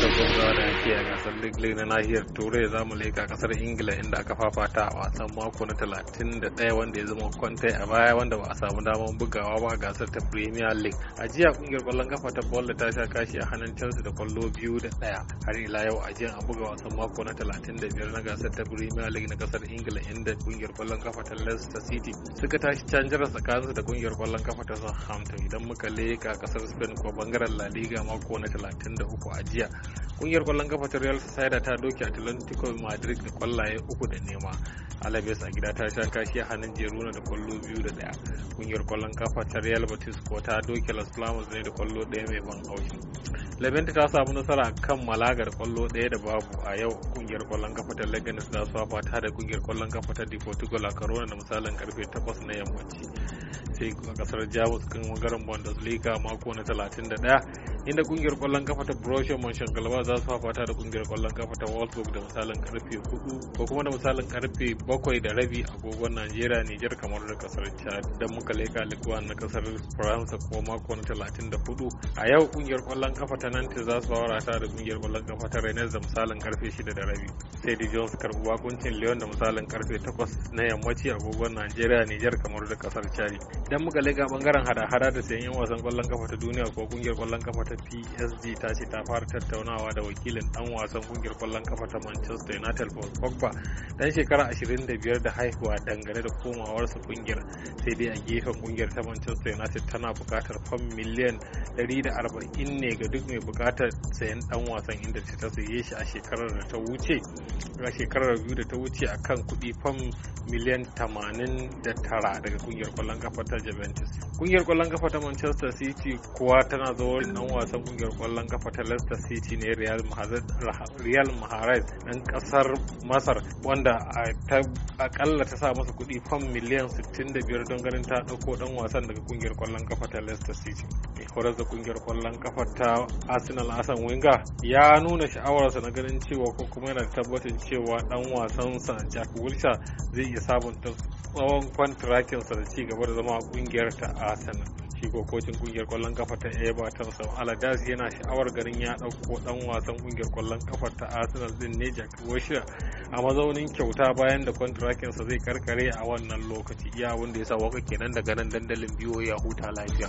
Seguro. gwamnawa da ake a gasar league na nahiyar turai za mu leka kasar ingila inda aka fafata a wasan mako na 31 wanda ya zama kwantai a baya wanda ba a samu damar bugawa ba a gasar ta premier league a jiya kungiyar kwallon kafa ta bola ta sha kashi a hannun chelsea da kwallo biyu da daya har ila yau a jiya an buga wasan mako na 35 na gasar ta premier league na kasar ingila inda kungiyar kwallon kafa ta leicester city suka tashi canjar tsakaninsu da kungiyar kwallon kafa ta southampton idan muka leka kasar spain ko bangaren la liga mako na 33 a jiya kungiyar kwallon kafa ta real sociedad ta doke atlantico madrid da kwallaye uku da nema alabes a gida ta sha kashi a hannun jeruna da kwallo biyu da daya kungiyar kwallon kafa ta real batis ko ta doke las palmas ne da kwallo daya mai ban haushi labenta ta samu nasara kan malaga da kwallo daya da babu a yau kungiyar kwallon kafa ta leganes da su ta da kungiyar kwallon kafa ta di portugal a corona da misalin karfe 8 na yammaci sai a kasar jamus kan bundesliga mako na 31 inda kungiyar kwallon kafa ta Borussia Mönchengladbach za su fafata da kungiyar kwallon kafa ta Wolfsburg da misalin karfe 4 ko kuma da misalin karfe 7 da rabi agogon Najeriya jar kamar da kasar Chad da muka leka Ligue na kasar France ko makon 34 a yau kungiyar kwallon kafa ta Nantes za su fafata da kungiyar kwallon kafa ta Rennes da misalin karfe 6 da rabi sai da Jones karbu wakuncin Lyon da misalin karfe 8 na yammaci agogon Najeriya jar kamar da kasar Chad dan muka leka bangaren hada-hada da sayan wasan kwallon kafa ta duniya ko kungiyar kwallon kafa ta psg ta ce ta fara tattaunawa da wakilin dan wasan kungiyar kwallon kafa ta manchester united paul pogba dan shekara 25 da haihuwa dangane da komawarsa kungiyar sai dai a gefen kungiyar ta manchester united tana bukatar fam miliyan 140 ne ga duk mai bukatar sayan dan wasan inda ta saye shi a shekarar da ta wuce a shekarar biyu da ta wuce akan kan fam miliyan 89 daga kungiyar kwallon kafa ta juventus kungiyar kwallon kafa ta manchester city kuwa tana zuwa dan wasan wasan kungiyar kwallon kafa ta Leicester City ne Real Mahrez dan kasar Masar wanda ta akalla ta sa masa kuɗi fam miliyan 65 don ganin ta ɗauko dan wasan daga kungiyar kwallon kafa ta Leicester City. Mai horar da kungiyar kwallon kafa ta Arsenal Asan Wenger ya nuna sha'awarsa na ganin cewa ko kuma yana tabbatar cewa dan wasansa Jack Wilshere zai iya sabunta tsawon kwantirakinsa da ci gaba da zama a kungiyar ta Arsenal. shi ko kocin kungiyar kwallon kafa ta everton sau aladaz yana sha'awar garin ya dauko dan wasan kungiyar kwallon kafa ta arsenal din ne jack wilshere a mazaunin kyauta bayan da sa zai karkare a wannan lokaci iya da ya sa waka kenan daga nan dandalin biyo ya huta lafiya